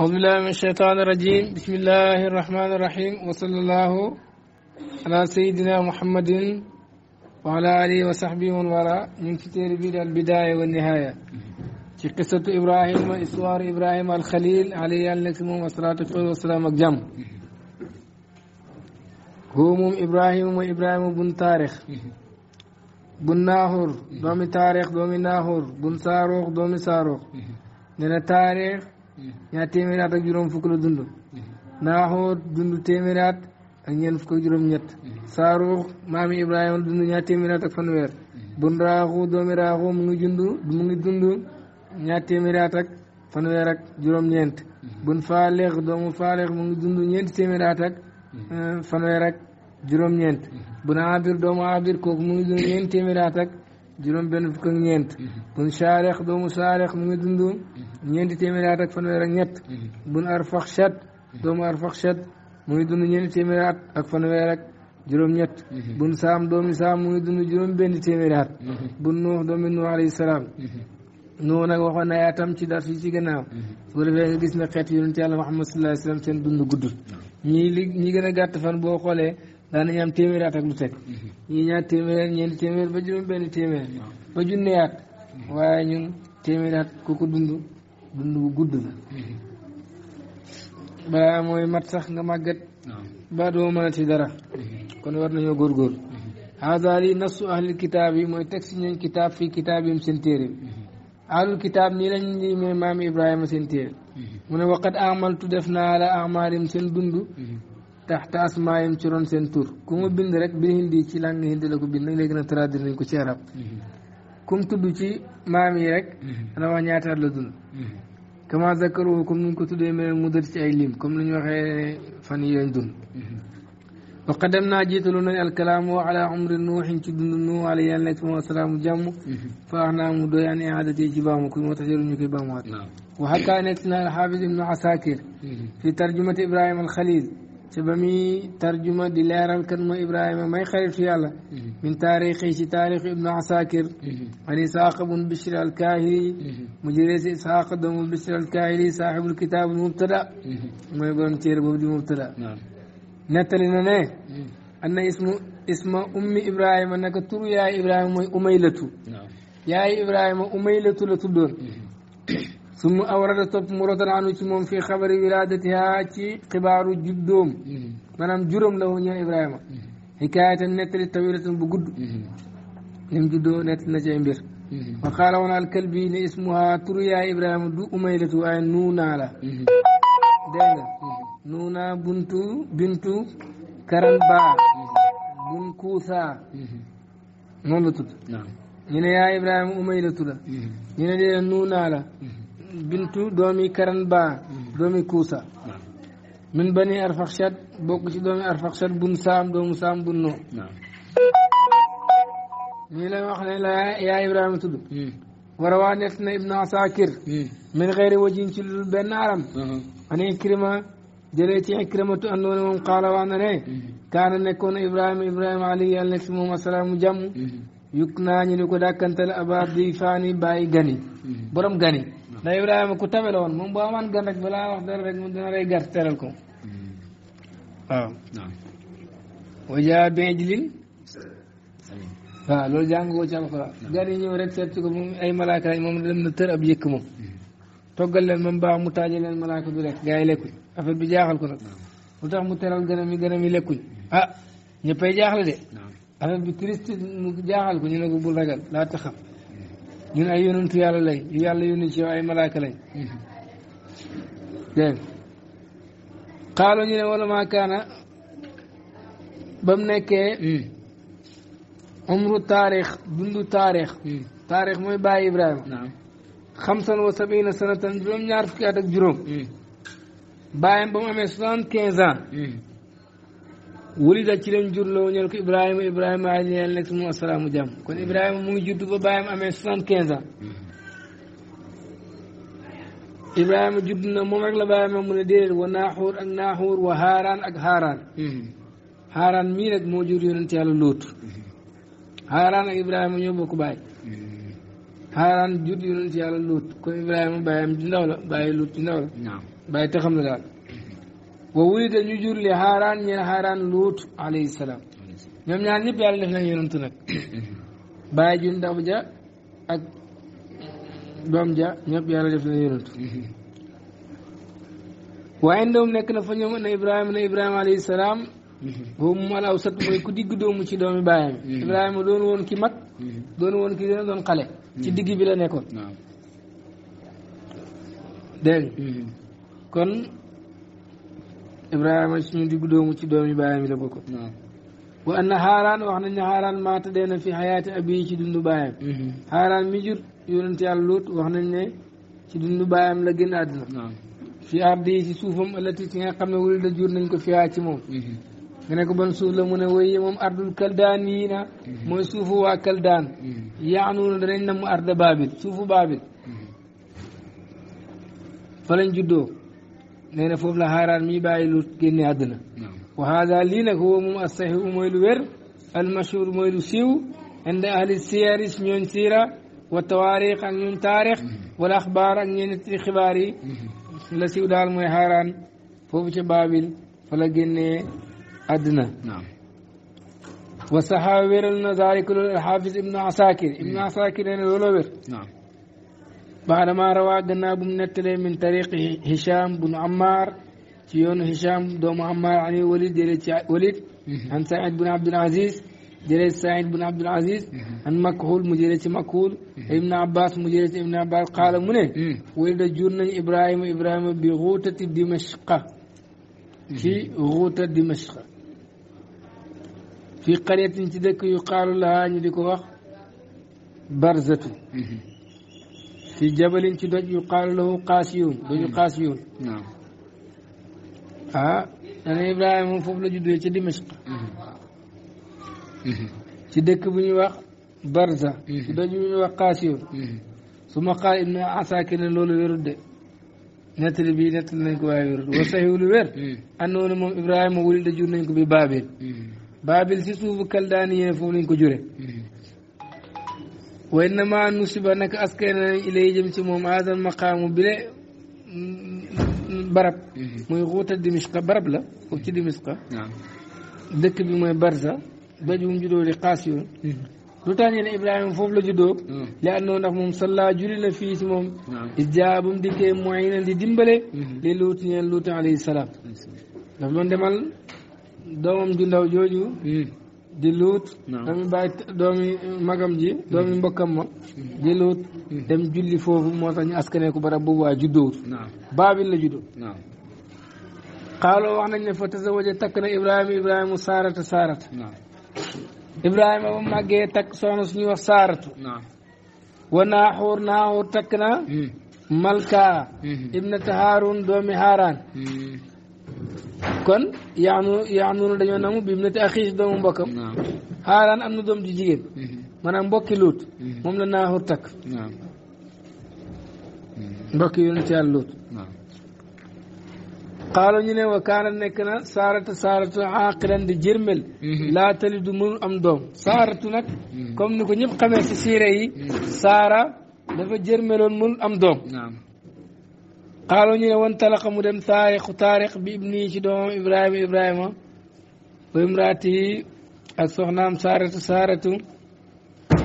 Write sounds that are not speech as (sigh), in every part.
أعوذ بالله من الشيطان الرجيم بسم الله الرحمن الرحيم وصلى الله على سيدنا محمد وعلى آله وصحبه ومن والاه من كتير بيد البداية والنهاية في قصة إبراهيم وإسوار إبراهيم الخليل عليه النكم والصلاة والسلام أجمع هم إبراهيم وإبراهيم بن تاريخ بن ناهور دومي تاريخ دومي ناهور بن ساروخ دومي ساروخ من تاريخ ñaar téeméeri ak juróom fukk la dund naaxoo dund téeméeri at ak ñeent fukk juróom ñett saaruux maami ibrahima dund ñaar téeméeri at ak fanweer bun raaxu doomi raaxu mu ngi dund mu ngi dund ñaar téeméeri at ak juróom ñeent bun faaleex doomu faaleex mu ngi dund ñeenti téeméeri at ak eh, juróom ñeent bun abir doomu abir kooku mu ngi dund ñeenti téeméeri juróom benn fukk ak ñeent mm-hmm. bun saarex doomu saarex mu ngi dund mm-hmm. ñeenti téeméeri at ak fanweer ak ñett mm-hmm. bun arfaxshat doomu arfaxshat mu ngi dund ñeenti téeméeri at ak fanweer ak juróom ñett bun saam doomi saam mu ngi dund juróom benn téeméeri at bun nuux doomi nuux alayhi salaam nuux nag waxoon na yaatam ci dars yi ci gannaaw su ko defee nga gis na xeet yonent yàlla Muhammad sallallahu alayhi wasallam seen dund gudd ñi gën a gàtt fan boo xoolee daanañu am téeméeri ak lu teg mhm. ñii ñaar téeméer ñeenti téeméer ba juróom benn téeméer ba junne at mhm. waaye ñun téeméeri at dund dund bu gudd la mhm. ba mooy mat sax nga màggat ba doo mënati dara kon war nañoo góorgóor haada lii nassu ahlil kitaab yi mooy teg si kitaab fii kitaab yim seen téere ahlul kitaab nii lañ lii may maam Ibrahima seen téere mu ne waqat amaltu def naa la amaarim seen dund تحت اسماء تشرون سين تور كومو بيند ريك بي هندي سي لانغ هندي لاكو بيند ليك نا ترادير نكو سي عرب كوم تودو سي مامي ريك انا وا نياتا لا دون كما ذكروا كوم نكو تودي مي مودر سي اي ليم كوم نيو وخي فاني يان دون وقدمنا جيتلنا الكلام على عمر نوح تدن نوح عليه السلام جم فاحنا مدو يعني عادتي جبام كوم تجر نكو بامات نعم. وحكى الحافظ ابن عساكر في ترجمه ابراهيم الخليل ci ba muy tarjuma di leeral kan mooy Ibrahima may xaritu yàlla mm-hmm. min taarixi ci taarixu ibnu Asakir mm-hmm. an Isaaq bun Bishr al-Kahili mm-hmm. mu jëlee si Isaaq doomu Bishr al-Kahili saaxibul kitaabul mubtada mooy borom téere boobu di mubtada nettali na ne anna ismu isma ummi Ibrahima naka turu yaay Ibrahima mooy umaylatu yaay Ibrahima umaylatu la tuddoon (coughs) ثم أورد topp mu rotal anu ci moom fii xabari wilaadatiha ci xibaaru juddoom maanaam juróom la woon ñëw Ibrahima xikaayatan nettali tawilatan bu gudd ni mu juddoo nett na ci mbir wa qaala woon alkalbi ne ismuha turu yaay Ibrahima du umaylatu waaye nuunaa la dégg nga nuunaa buntu bintu karan baa bun kuusaa noonu la tudd ñu ne yaa Ibrahima umaylatu la ñu ne dee nuunaa la bintu doomi karan ba doomi kuusa min bani arfaxshat bokk ci doomi arfaxshat bun saam doomu saam bun noo lay wax ne la yaa ibrahima tudd war a waa nett na min xeyri wajin lu benn aram an ikrima jëlee ci ikrimatu andoona moom xaala wax na ne kaana nekkoon ibrahima ibrahima ali yàlla nekk si yukk naa ñu di ko dàkkantale abaa di faani gani borom gani ndax Ibrahima ku tabe la woon moom boo amaan gan rek balaa wax dara rek mu dina rey gàtt teral ko waaw wajaa bi ijlin waaw loolu jàngoo ci alxuraan gan yi ñëw rek seet si ko moom ay malaaka lañ moom dem na tër ab yëkk moom mm-hmm. toggal leen moom baax mu taaje leen malaaka du lekk gars yi lekkuñ affaire bi jaaxal ko nag lu tax mu teral gënam yi gënam yi lekkuñ ah ñëppay jaaxle de affaire bi triste mu jaaxal ko ñu ne ko bul ragal laa taxam ñun ay yonentu yàlla lañ yu yàlla yónni ci ay malaaka lañ dégg xaalo ñu ne wala maa kaana ba mu nekkee umru taarix dundu taarix taarix mooy bàyyi Ibrahima xamsan wa sabina sanatan juróom ñaar fukki at ak juróom hmm. bàyyam ba mu amee soixante quinze ans hmm. wulida ci lañ jurloo ñeen ko Ibrahima Ibrahima ay ñeel nekk mu asalaamu jàmm kon Ibrahima mu ngi juddu ba bàyyam amee soixante quinze ans Ibrahima jur yonent yàlla lóot haaraan ak Ibrahima ñoo bokk bàyyi haaraan jur yonent yàlla lóot kon Ibrahima bàyyam di ndaw la bàyyi te xam na daal wa wulida ñu jur li haaraan ñeen haaraan luut alayhi salaam ñoom ñaar ñëpp yàlla def nañ yonantu nag (coughs) bàyyi ju ndaw ja ak doom ja ñëpp yàlla def nañ yonantu (coughs) waaye ndawum nekk na fa ñoom na ibrahima na ibrahima alayhi salaam boobu (coughs) mu alaw mooy ku digg doomu ci doomi bàyyam mm-hmm. ibrahima doon woon ki mag mm-hmm. doon woon ki gën doon xale ci mm-hmm. digg bi la nekkoon dégg kon Ibrahima suñu diggu doomu ci doomi baayam yi la bokk. wa anna Haaraan wax nañ ne Haaraan maata dee na fi xayaati abiy ci dundu baayam. Mhm. Haaraan mi jur yonent yàlla Luut wax nañ ne ci dundu baayam la génn àdduna. fi ardi ci suufam allati ci nga xam ne wul da jur nañ ko fiyaa ci moom. Mhm. nga ne ko ban suuf la mu ne wéy moom ardul kaldaan yii na. Mhm. mooy suufu waa kaldaan. yaanu na danañ na mu arda baabil suufu baabil. fa lañ نينا فوف لا هاران مي باي لو генي ادنا نعم. وهذا لي نك هو مم الصحيح مويل وير المشهور مويل سيو عند اهل السير اسم ينسيرا والتواريخ ان تاريخ والاخبار ان ينتي خباري لا سيو دال موي هاران فوف تي بابيل فلا генي ادنا نعم وصحابه ويرل نزاري كل الحافظ ابن عساكر ابن عساكر يعني ان ولوبر نعم بعد ما روى جناب من التلي من طريق هشام بن عمار تيون هشام دوم عمار عن وليد وليد عن سعيد بن عبد العزيز جريت سعيد بن عبد العزيز عن مكهول مجريت مكهول ابن عباس مجريت ابن عباس قال منه ولد جرنا إبراهيم إبراهيم بغوطة دمشق في غوطة دمشق في قرية تدك يقال لها ني وقت برزته fi jabalin ci doj yu qaalu lahu qaasiyun doju qaasiyun ah dana Ibrahima moom la juddoo ci Dimashq mm-hmm. ci dëkk bu ñuy wax Barza mm-hmm. ci doj bu ñuy wax qaasiyun mm-hmm. su ma qaal ibnu Asakir ne loolu wérut de nettali bii nettali nañ ko waaye wérut wa saxiw lu wér andoon na moom Ibrahima wuli da jur nañ ko bi Baabil Baabil si suufu Kaldaani yéen foofu lañ ko jure way na ma nusiba nag askay na nañ ilay jëm ci moom aadal maqaamu bile barab muy xuuta dimishqa barab la foofu ci dimishqa dëkk bi mooy barza doj bu mu juddoo di xaas yoon lu tax ñu ne Ibrahima foofu la juddoo li àndoon ndax moom salla julli na fii si moom ijaa bu mu dikkee mooy na di dimbale li luut ñeen luut alayhi salaam daf doon demal doomam ju ndaw jooju di luut doomi bàyyi doomi magam ji doomi mbokkam ma di luut mm-hmm. dem julli foofu moo tax ñu askane ko barab boobu baabil la juddoo xaaloo wax nañ ne fa takk na ibrahima ibrahima saarata saarata ibrahima ba màggee takk soxna suñuy wax saaratu wa naaxuur naaxuur takk na mm. malka mm-hmm. ibnata haarun doomi haaraan mm. kon yaanu yaanu dañoo nangu bi mu ne te axii doomu mbokkam xaaraan am na doom ju jigéen mm-hmm. maanaam mbokki luut mm-hmm. moom la naaxur takk mm-hmm. mbokki yonent yàlla luut xaalo ñu ne wa kaana nekk na saarata saaratu aaqilan di jërmel laa talidu mënul am doom saaratu nag comme ni ko ñëpp xamee si siire yi saara dafa jërmeloon mënul am doom قالوا ني وانطلق مدم طارق طارق بابني سي دوم ابراهيم ابراهيم وامراته اك سخنام سارته سارته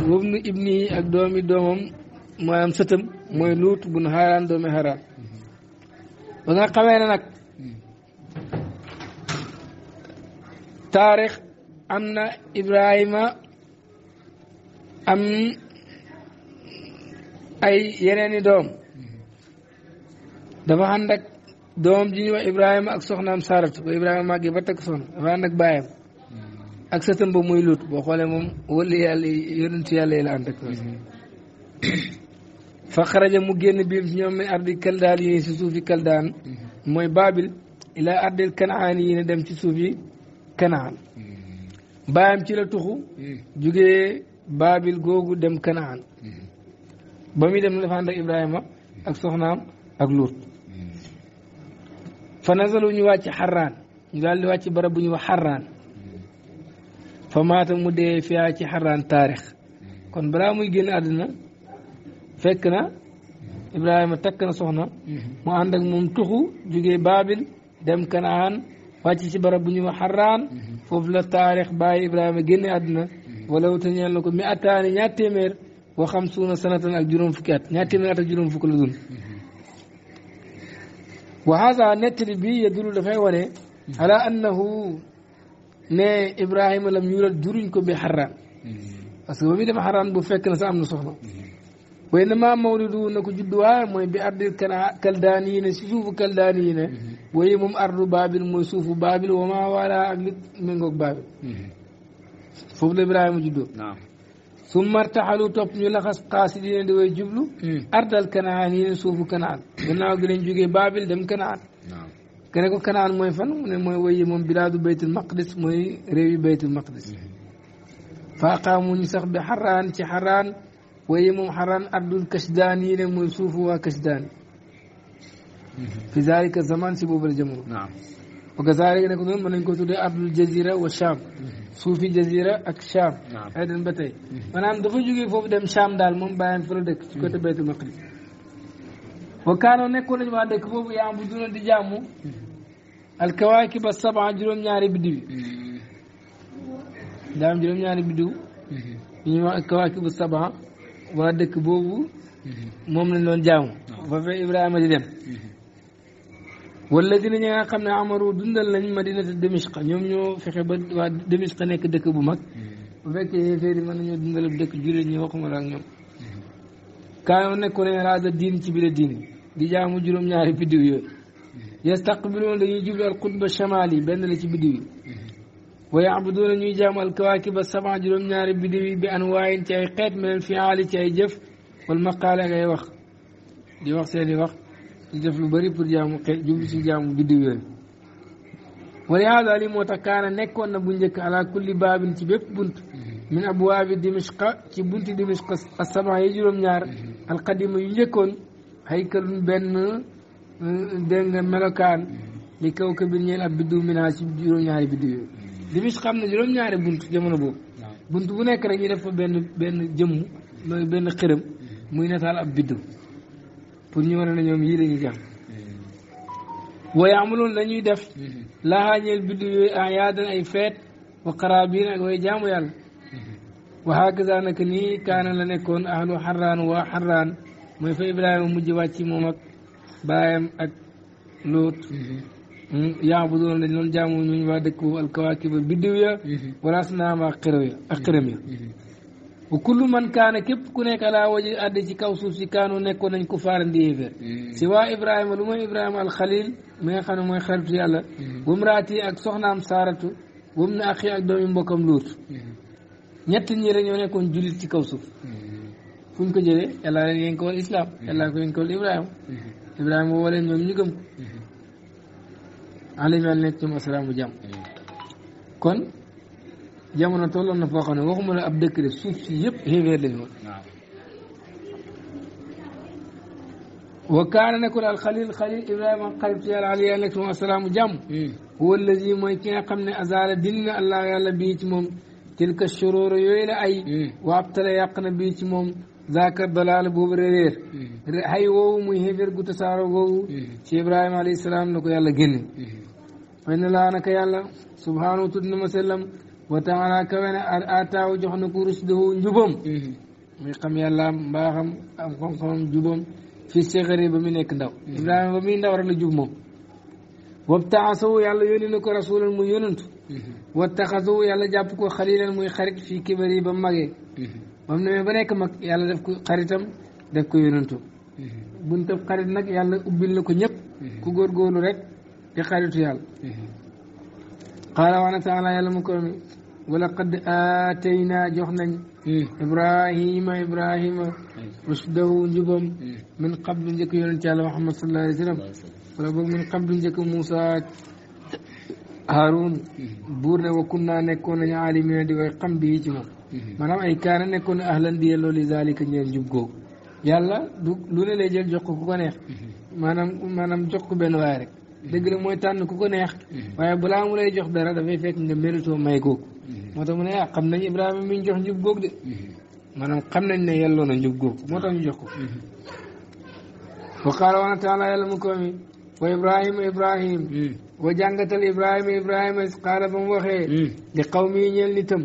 وابن ابني اك دومي دومم مويام ستم موي نوت بن هاران دومي هاران وانا خاوي نك طارق امنا ابراهيم ام اي يينيني دوم dafa ànd ak doomam ji ñuy wax Ibrahima ak soxnaam Saratu ba Ibrahima màggee ba takk soxna dafa ànd ak baayam ak sëtam ba muy luut boo xoolee moom wali yàlla yonent yàlla yi la ànd mhm. mu génn biir si ñoom mi mhm. kanaan yi ne dem ci suufi kanaan mhm. baayam ci la tuxu jugee baabil googu dem kanaan ba muy dem dafa ànd ak Ibrahima ak soxnaam ak luut fa nazalu ñu wàcc xarraan ñu daal di wàcc barab bu ñu wax xarraan fa maata mu dee fiyaa ci xarraan taarix kon balaa muy génn àdduna fekk na Ibrahima takk na soxna mu ànd moom tuxu jógee Baabil dem Kanaan wàcc ci barab bu ñu wax xarraan foofu la taarix bàyyi Ibrahima génne àdduna wala wuta ñeel na ko mi attaani ñaar téeméer wa xam suuna sanatan ak juróom fukki at ñaar téeméer at ak juróom fukk la dund wa hada nettali bi yadulu dafay wane ala annahu ne ibrahima lam yulad juruñ ko bi xaraan parce que ba muy dem xaraan bu fekk na sa am na soxna way na ma mawlidu na ko judduwaay mooy bi ardil kana kaldaan yi ne si suufu kaldaan yi ne waye moom ardu babil mooy suufu babil wama wala ak li méngoog babil foofu la ibrahima juddoo ثم ارتحلوا توب ني لخص قاصدين دي وي جبلو اردل كنعان يوسف كنعان غناو غين جوغي بابل دم كنعان نعم كنه كو كنعان موي فان موي وي موم بلاد بيت المقدس موي ريوي بيت المقدس فقاموا نسخ بحران تي حران وي موم حران عبد الكشدان ني موي سوف وكشدان في ذلك الزمان سبوب الجمهور نعم وكذلك نكون من نكون تودي أرض الجزيرة والشام suufi jazira ak Sham. waaw ay den ba tey. Mhm. maanaam dafa jógee foofu dem Sham daal moom bàyyam fa la dëkk. ci côté mhm. Baytul Maqdis. wa kaanoo nekkoon nañu waa dëkk foofu yaa mhm. am bu duna di jàmm. alkawaakib as-sab'a ñaari biddiw yi. ñaari biddiw. yu ñuy wax alkawaakib as waa dëkk boobu. moom lañ doon jaamu. ba fa Ibrahima di dem. والذين نيغا خامنا عمرو دندل مدينه دمشق نيوم نيو فخي با دمشق نيك دك بو ماك فك فيري مان نيو دندل دك جوري ني واخوما لا كانوا نيكون راد الدين تي بلا دي جامو جوروم نياري بيديو يو يستقبلون لي جبل القطب الشمالي بين لا تي بيديو ويعبدون ني جامو الكواكب السبع جوروم نياري بيديو بانواع تي من الفعال تي جف والمقاله غي واخ دي واخ سي دي di def lu bëri pour jaamu xel jublu ci jaamu biddiw yooyu wala haada li moo tax kaana nekkoon na bu njëkk ala kulli ci bépp bunt min abwaabi dimishqa ci bunti dimishqa asama yi juróom-ñaar alqadima yu njëkkoon haykalun benn euh, dégg melokaan li kaw ka bir ñeel ab biddiw minaa ci juróom-ñaari biddiw yooyu am na juróom-ñaari bunt jamono boobu bunt bu nekk rek ñu def fa benn benn jëmm mooy benn xërëm muy nataal ab biddiw pour ñu wane ne ñoom yii la ñu gëm lañuy def hmm. laxaa ñeel biddu yooyu en yaadan ay feet wa xaraabiin ak way jaamu yàlla hmm. waxaakasa nag nii kaana la nekkoon ahlu xarraan waa xarraan mooy fa ibrahima mujj wàcc moom ak baayam ak lóot hmm. yaabuduuna dañ doon jaamu ñooñu waa dëkk boobu alkawaakib biddiw ya wala asnaam ak xërëm ya wa kullu man kaana képp ku nekk alaa waji addi ci kaw suuf si kaanu nekkoon nañ ko faaran di hmm. si waa ibrahima lu mooy ibrahima alxalil mi nga xam ne mooy xaritu yàlla hmm. wamraati ak soxnaam saaratu wam na axi ak doomi mbokkam luut hmm. ñett ñi la ñoo nekkoon jullit ci kaw suuf fu ñu ko jëlee yàlla leen ko wal islam yàlla ko yéen ko wal ibrahima ibrahima woo leen ñoom ñu gëm ko alayhi wa nekk ñoom assalaamu jàmm kon jamono tolloon na foo xam ne waxuma la ab dëkk de suuf si yëpp xéeféer lañu woon wa kaana nekkul al xalil xalil ibrahima xarit ci yàlla ali yàlla nekk sama asalaamu jàmm hmm. huwa allazi mooy ki nga xam ne azala dindi na allah yàlla bii ci moom tilka shuroro yooyu la ay hmm. wa abtala yàq na bii ci moom zaaka dalaal boobu réeréer hmm. hay woowu muy xéeféer gu tasaaro googu ci ibrahima alayhi salaam la ko yàlla génne wa inna laa naka yàlla subhaanahu tudd na ma sellam wa taala kawe na ataaw jox na ko rusdahu njubam mhm. muy xam yàlla mbaaxam am xam-xamam jubam fi séxari ba mu nekk ndaw mhm. ibrahima ba muy ndaw ral la jub moom wabtaasawu yàlla yónni na ko rasulan muy yónantu mhm. wattaxasawu yàlla jàpp ko xalilan muy xarit fii kibar ba mu magee ba mu ba nekk mag yàlla def ko xaritam def ko yónantu buntab xarit nag yàlla ubbil na ko ñëpp ku góorgóorlu rek di xaritu yàlla qaala waana taala yàlla mu ko mi ولقد آتينا جهنا إبراهيم إبراهيم رشده جبم من قبل ذكر يونس على محمد صلى الله عليه وسلم ولبوك من قبل ذكر موسى هارون بورنا وكنا نكون عالمين دي ويقم به جمع maanaam ay kaana nekkoon ahlan bi yelloo li zalika ñeen jub googu yàlla du lu ne lay jël jox ko ku ko neex maanaam maanaam jox ko benn waay rek dëgg la mooy tànn ku ko neex waaye balaa mu lay jox dara dafay fekk nga méritoo may googu moo tax mu ne ah xam nañ Ibrahima mi ñu jox njub góog de maanaam xam nañ ne yelloo na njub góog moo tax ñu jox ko wa qaala wana taala yàlla mu ko mi wa Ibrahima Ibrahim wa jàngatal Ibrahima Ibrahima qaala ba mu waxee di xaw mi ñeel nitam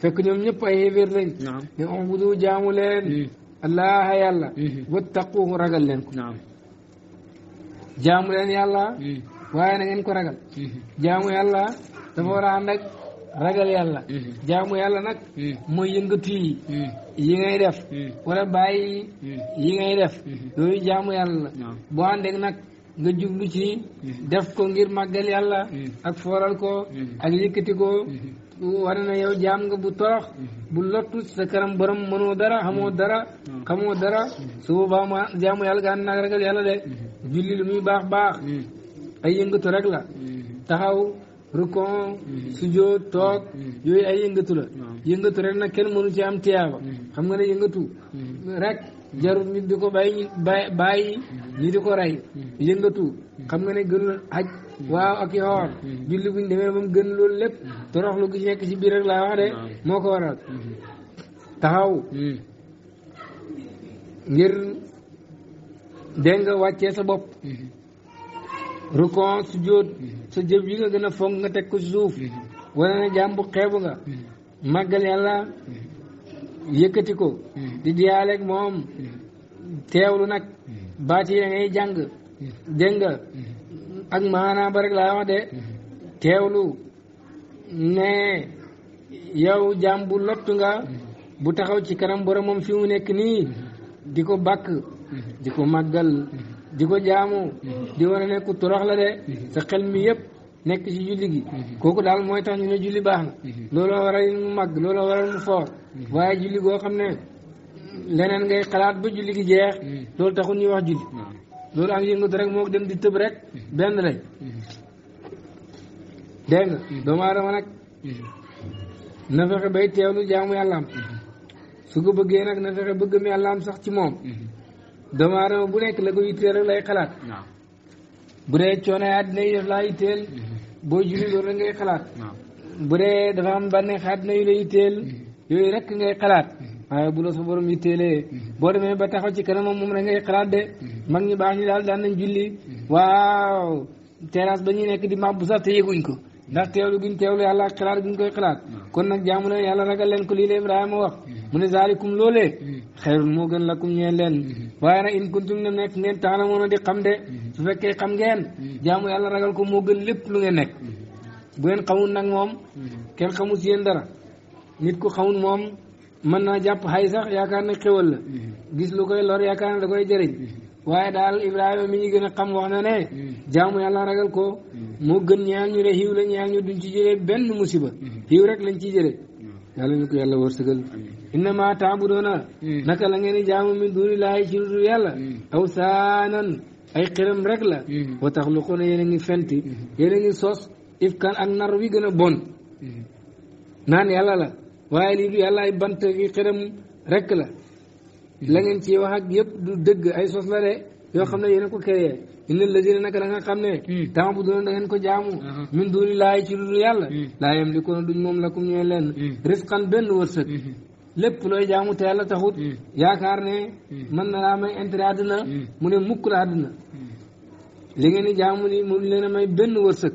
fekk ñoom ñëpp ay hévér lañ ne ubudu jaamu leen allah yàlla wattaquhu ragal leen ko jaamu leen yàlla hmm. waaye na ngeen ko ragal hmm. jaamu yàlla dafa war a ànd ragal yàlla hmm. jaamu yàlla nag hmm. mooy yëngatu yi hmm. yi ngay def wala bàyyi yi ngay def yooyu jaamu yàlla la boo àndeeg nag nga jublu ci def ko ngir màggal yàlla ak fooral ko ak yëkkati ko wane na yow jaam nga bu torox bu lottu sa kanam borom mënoo dara xamoo dara xamoo dara su boobaa ma jaamu yàlla ga ànd naag ragal yàlla de julli lu muy baax baax ay yëngatu rek la taxaw rukon sujoo toog mm. Mm. yooyu ay yëngatu la mm. yëngatu rek nag kenn mënu ci am tiyaaba xam nga ne yëngatu rek jarut nit di ko bàyyi bàyyi ñi di ko rey yëngatu xam nga ne gënul aj waaw ak i xoor julli buñ demee moom gën loolu lépp torox lu gi nekk ci biir rek laa wax de moo ko waral taxaw ngir dégg nga wàccee sa bopp rukon su jóot sa jëf yi nga gën a fonk nga teg ko ci suuf wane na jaam xeebu nga màggal yàlla yëkkati ko di diyaaleeg moom teewlu nag baati yi da ngay jàng dégg ak maanaam ba rek laa wax de teewlu ne yow jaam lottu nga bu taxaw ci kanam moom fi mu nekk nii di ko bàkk di ko màggal di ko jaamu di war a nekku torox la de sa xel mi yëpp nekk ci julli gi kooku daal mooy tax ñu ne julli baax na looloo waral mu màgg looloo waral mu foor waaye julli goo xam ne leneen ngay xalaat ba julli gi jeex loolu taxul ñuy wax julli loolu ak yëngatu rek moo dem di tëb rek benn lañ dégg nga doomu aadama nag na fexe bay teewlu jaamu yàllaam su ko bëggee nag na fexe bëgg mi yàllaam sax ci moom doomu aadama bu nekk la ko yitteel rek lay xalaat bu dee coono àddina yi daf laa mm-hmm. boo julli loolu rek ngay xalaat bu dee dafa am bànneex àddina yu la yitteel mm-hmm. yooyu rek ngay xalaat mm-hmm. waaye bu la sa borom yitteelee boo demee ba taxaw ci kanamam moom rek ngay xalaat de man ñi baax ñi daal daan nañ julli waaw terrasse ba ñuy nekk di màbbu sax te yeguñ ko ndax teewlu gi ñu teewlu yàlla ak xalaat gi koy xalaat hmm. kon nag jaamu leen yàlla ragal leen ko lii la Ibrahima wax hmm. mu ne zaalikum loolee hmm. xayrun moo gën la lakum ñeen leen waaye nag in kuntum ne nekk ngeen taalamoon di xam de su fekkee xam ngeen jaamu yàlla ragal ko moo gën lépp lu ngeen nekk bu ngeen xamul nag moom kenn xamul si dara nit ku xamul moom mën naa jàpp xay sax yaakaar ne xéwal la gis lu koy lool yaakaar ne da koy jëriñ waaye daal Ibrahima mi ñu gën a xam wax na ne yàlla ragal ko moo gën ñaal ñu ne xiw la ñaal ñu duñ ci jëlee benn musiba mm-hmm. xiw rek lañ ciy jëlee mm-hmm. yàlla ñu ko yàlla wërsëgal innama taabudoona mm-hmm. naka la ngeen di jaamu min duuni laahi ci dul yàlla aw saanan ay xiram rek la wa ko yéen a ngi fenti yéen ngi sos ifkan ak nar wi gën a bon naan yàlla la waaye lii du yàlla ay bant yi xiram rek la la ngeen ci wax ak yëpp du dëgg ay sos la de yoo xam ne yéen a ko créé inna lazina naka la nga xam ne hmm. taabuduna da ngeen ko jaamu min duuni laay ci dul yàlla hmm. laa yam li kono duñ moom lakum ñooy leen hmm. risqan benn wërsëg lépp looy jaamu te yàlla taxut yaakaar ne man na laa may intérêt àdduna mu ne mukk la àdduna li ngeen di mu ni moom leen a may benn wërsëg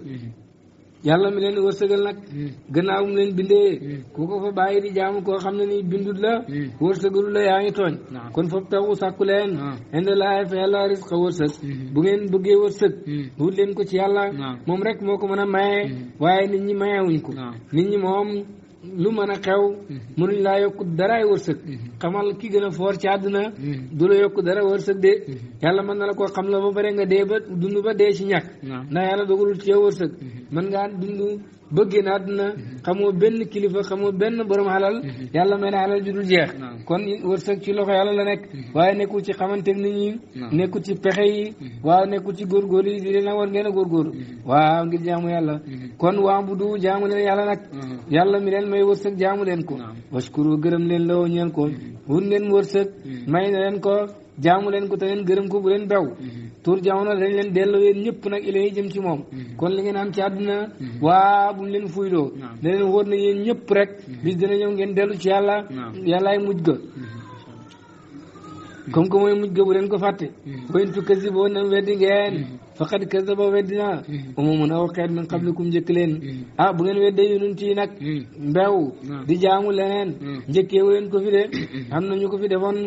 yàlla mi leen wërsëgal nag hmm. gannaaw mu leen bindee hmm. ku ko fa bàyyi di jaamu koo xam ne nii bindut la hmm. wërsëgalu la yaa ngi tooñ kon foofu taxu sàkku leen ind laaye fa yàlla risqa wërsëg bu ngeen bëggee wërsëg wut leen ko ci yàlla moom rek moo ko mën a maye waaye nit ñi wuñ ko nit moom lu mën a xew mm-hmm. mënuñ laa yokku daraay wërsëg mm-hmm. xamal ki gën a foor ci àdduna mm-hmm. du la yokku dara wërsëg de yalla man na la koo xam la ba pare nga dee ba dund ba dee ci ñàkk ndax yàlla dogalul ci yow wërsëg mën ngaa dund bëggee na àdduna xamoo benn kilifa xamoo benn borom alal mhm. yàlla may na alal ju dul jeex kon wërsëg ci loxo yàlla la nekk mhm. waaye nekku ci xamanteeg nit ñi nekkul ci pexe yi mhm. waaw nekku ci góorgóorlu yi di leen war ngeen a góorgóorlu waa ngir jaamu yàlla kon waa bu du jaamu leen yàlla nag yàlla mi leen may wërsëg jaamu leen ko washkuru gërëm leen loo ñeen ko wut ngeen wërsëg may na leen ko jaamu leen ko te leen gërëm ko bu leen bew tur jamono dañ leen delloo yéen ñëpp nag ilay jëm ci moom mm-hmm. kon li ngeen am ci adduna mm-hmm. waa bu leen fuydoo da leen wóor na yéen ñëpp rek mm-hmm. bis dana ñëw ci yàlla yàllaay mujj ga comme que mooy bu leen ko fàtte wayntu kasi boo nam weddi ngeen faqad kasaba weddina njëkk leen ah, bu ngeen weddee yonent nag mbew di jaamu leneen njëkkee wu leen ko fi de am na ñu ko fi defoon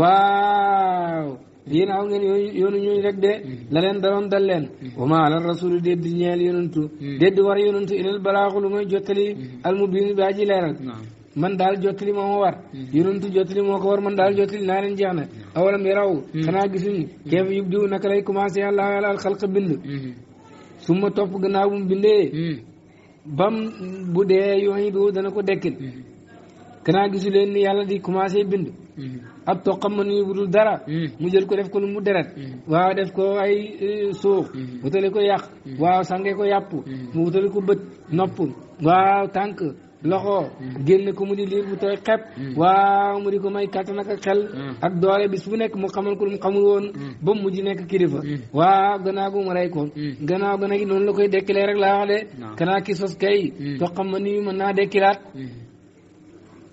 waaw yéen aw ngeen yoonu ñooñu rek de la mm. leen daloon mm. wa ma ala rasuli déet di ñeel yonantu mm. déet di war yonantu ilal balaaxu lu mooy jottali almubin baa ji leeral man daal jottali moo ma war yonantu jottali moo ko war man daal jottali naa leen jeex na awalam yaraw xanaa gisuñu keef yub diw naka lay commencé àllaa yàlla alxalq bind suma topp gannaaw bu mu bindee bam bu dee yooyu doo dana ko dekkil xanaa gisu leen yàlla di commencé bind Mm. ab toqam mën nañu budul dara. Mm. mu jël ko def ko lu mu deret. Mm. waaw def ko ay e, suuf. wutale ko yàq. waaw sàngee ko yàpp. mu wutale ko bët nopp. waaw tànk loxo. génne ko mu di liir bu tooy xepp. waaw mu di ko may kàttan ak xel. ak doole bis bu nekk mu xamal ko lu mu xamul woon. ba mu mujj nekk kilifa. waaw gannaaw gu mu rey ko. gannaaw gannaaw gi noonu la koy dekkilee rek laa wax de. kanaa ki sos kay. toqam mën nañu naa dekkilaat.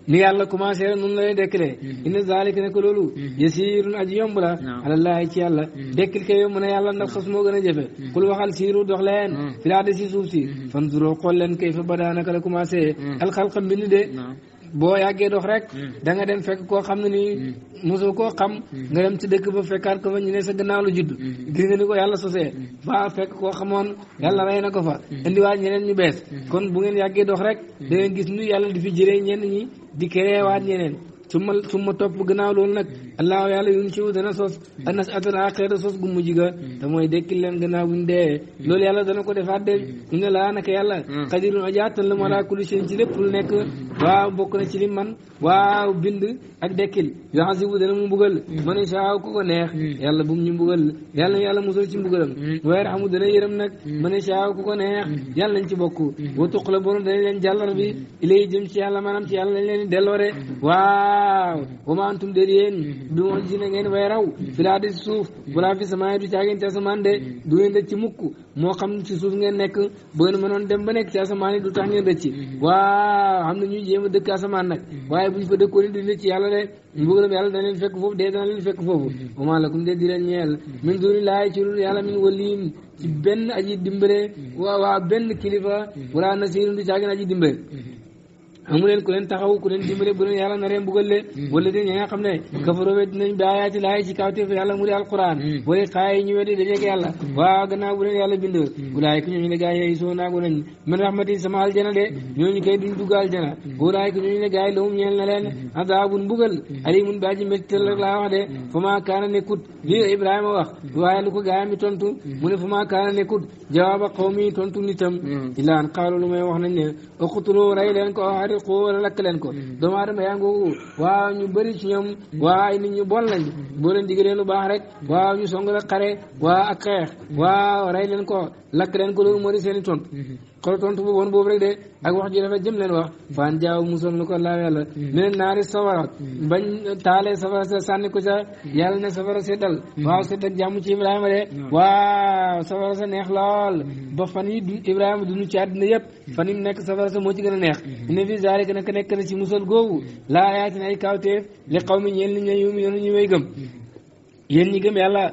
ni yàlla commencé rek noonu la lay dekkalee hmm. inna zalika ne ko loolu hmm. yasiirun aji yomb la alallahi ci yàlla hmm. dekkil kay yomb na yàlla ndax xas moo gën a jafe kul waxal siiru dox leen fi laa de si suuf si fan duroo xool leen kay fa ba daanaka la commencé alxalqa mbind de boo yàggee dox rek hmm. danga dem fekk koo xam ne nii hmm. mosoo koo xam hmm. nga dem si dëkk ba fekkaat ko fa ñu ne sa gannaaw la judd gis nga ni ko yàlla sosee ba fekk koo xamoon yàlla rey na ko fa indiwaat ñeneen ñu bees kon bu ngeen yàggee dox rek da ngeen gis nu yàlla di fi jëree ñenn ñi di kereewaat ñeneen summa summa topp gannaaw loolu nag allah yàlla yun siw dana sos anas atal axira sos gu mujj ga te mooy dekkil leen gannaaw buñ dee loolu yàlla dana ko defaat de inna laa naka yàlla hmm. xadirun ajaatan la mala kulli seen ci lépp lu nekk waaw bokk na ci li man waaw bind ak dekkil yuasibu dana mu mbugal man insha ku ko neex hmm. yàlla bu mu ñu mbugal yàlla yàlla musal ci mbugalam hmm. wa yarhamu dana yërëm nag man insha ku ko neex yàlla nañ ci bokk wa tuq la borom dana leen jàllar bi ilay jëm ci yàlla maanaam yàlla lañ leen delloore waaw wama antum déet yéen bi moon si na ngeen way raw filaa di suuf walaa fi samaay du caageen ci asamaan de du ngeen rëcc mukk moo xam ci suuf ngeen nekk bu ngeen mënoon dem ba nekk ci asamaan yi du tax ngeen rëcc waa xam na ñuy jéem a dëkk asamaan nag waaye buñ fa dëkkoon duñ rëcc yàlla de mbugalam yàlla dana leen fekk foofu dee dana leen fekk foofu wama di leen ñeel min duni laay ci lu yàlla min waliim ci benn aji dimbale waa waa benn kilifa wala nasiirum du caageen aji dimbale amu leen ku leen taxaw ku leen dimbale bu leen yàlla naree mbugal leen hmm. wala di ñi nga xam ne kafaroo wet dinañ bi ayaati laay ci kawteef yàlla mu di alquran hmm. wala xaay yi ñu weddi dajeeg yàlla hmm. waaw gannaaw bu leen yàlla bind wulaay ko ñooñu ne gars yi soo naago nañ min rahmati sama aljana de ñooñu kay duñ dugg aljana wulaay ko ñooñu ne gars yi lawum ñeel na leen adaabun mbugal baaji méttital rek laa wax de fa maa kaana nekkut lii Ibrahima wax waaye lu ko gaayam bi tontu mu ne fa xariqoo wala lakk leen ko mm. doomu aadama yaa ngoogu waaw ñu bëri ci ñoom mm. waaw nit ñu bon lañ mm. boo leen digalee lu baax rek waa ñu song la xare waaw ak xeex waa rey leen ko lakk leen ko loolu moo di seen i xool tontu boobu woon boobu rek de ak wax ji dafa jëm leen wax fan jaaw musal nu ko laaw yàlla minen hmm. naari safara hmm. bañ taalee safara sa sànni ko sa hmm. yàlla ne safara seddal waaw sedd ak jàmm ci Ibrahima de waaw safara sa neex lool ba fan yi du Ibrahima dund ci àddina yëpp fan yi nekk safara sa moo ci gën a neex ne fii zaalika nag nekk na ci musal googu laa yaatin ay kawteef li xaw mi ñeel nit ñi ñu ñu way gëm ñi gëm yàlla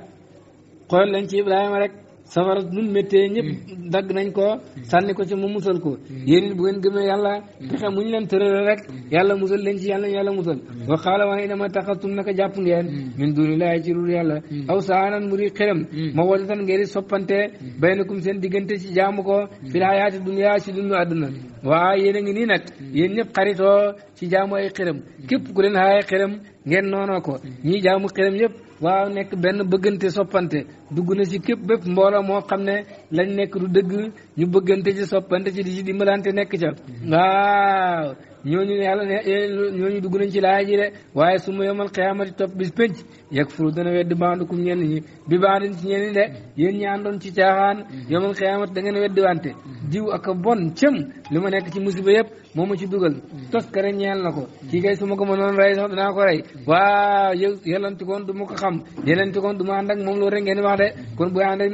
xool lañ ci Ibrahima rek safara nun méttee ñëpp mm. dagg nañ ko mm. sànni ko ci mu musal ko mm. yéen it bu ngeen gëmee yàlla pexe muñ leen tërale rek yàlla musal leen ci yàlla yàlla musal wa xaala wax ne dama taxastum naka jàpp ngeen min dunillahi ci dul yàlla aw saanan mu ri xëram ma wala tan ngeen di soppante baynakum seen diggante ci jaamu ko fil hayaati dunya ci dundu àdduna waaw yéen a ngi nii nag yéen ñëpp xaritoo ci jaamu ay xëram képp ku leen haay xëram ngeen noonoo ko ñii jaamu xëram yëpp waaw nekk benn bëggante soppante dugg na ci képp bépp mbooloo moo xam ne lañ nekk du dëgg ñu bëggante ci soppante ci di ci dimbalante nekk ca waaw ñooñu yàlla ne eh, ñooñu dugg nañ ci laaj ji de waaye su ma yomal xiyaamati topp bis pénc yegg furu dana weddi bandukum ñenn ñi bi bandin ci ñenn ñi de yéen ñi àndoon ci caaxaan yomal xiyaamati da ngeen weddi wante jiw ak bon cëm li nekk ci musiba yëpp moom ma ci dugal tos kare ñeel na ko kii kay su ma ko mënoon rey sax danaa ko rey waaw yë yellanti koon du ma ko xam yellanti koon du ma ànd ak moom loolu rek ngeen wax de kon bu ànd ak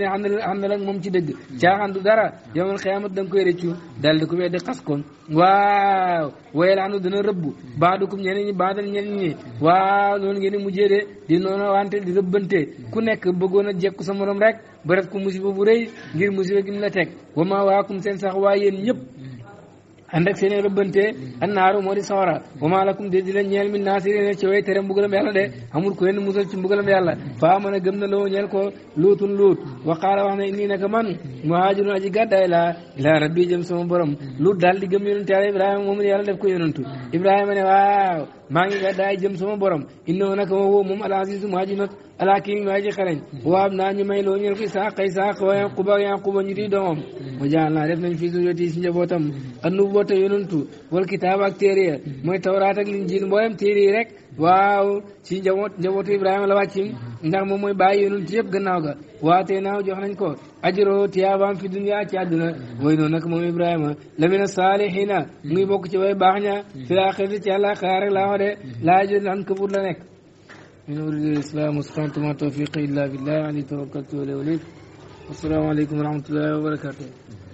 ne moom ci dëgg caaxaan du dara yowmal xiyaamat da nga koy rëccu dal di ko weddi xas koon waaw wayel anu dana rëbb baadukum ñeneen ñi baadal ñeneen ñi waaw noonu ngeen di mujjee de di noonu wante di rëbbante ku nekk bëggoon a jekku sa morom rek ba def ko musiba bu rëy ngir musiba la teg wa maa waakum seen sax waa yéen ànd ak seen i rëbbante annaaru sawara wa maa lakum di leen ñeel min naasiriin ci way tere mbugalam yàlla de amul ko yenn musal ci mbugalam yàlla faa mën a gëm na loo ñeel ko luutun luut wa qaala wax ne innii naka man muhaajirun aji gàddaay ilaa rabbi jëm sama borom luut daal di gëm yonentu yàlla ibrahima moom yàlla def ko yonentu ibrahima ne waaw maa ngi gàddaay jëm sama borom innahu naka woo moom al aziz maa ji not alaakim waa ji xarañ waab naa may loo ñeel ko Isaaq Isaaq wa Yaquba Yaquba ñu di doomam mu jaal naa def nañ fii njabootam annubuwata yonantu wal kitaab ak téere mooy tawraat ak linjiil mboolem yi rek waaw ci njaboot njabootu Ibrahima la wàcc ndax moom mooy bàyyi yonent yëpp gannaaw ga waatee naaw jox nañ ko ajro tiyaabaam fi dunya ci àdduna way noonu nag moom Ibrahima lamina saalihiina mu ngi bokk ci way baax ña fil aaxirati ci àllaaxira rek laa wax de laa jël an kabur la nekk in uriidu al-islaam mastata'tu wa maa tawfiiqii illaa billaah alayhi tawakkaltu wa ilayhi uniib assalaamu aleykum wa rahmatullaahi wa barakaatuh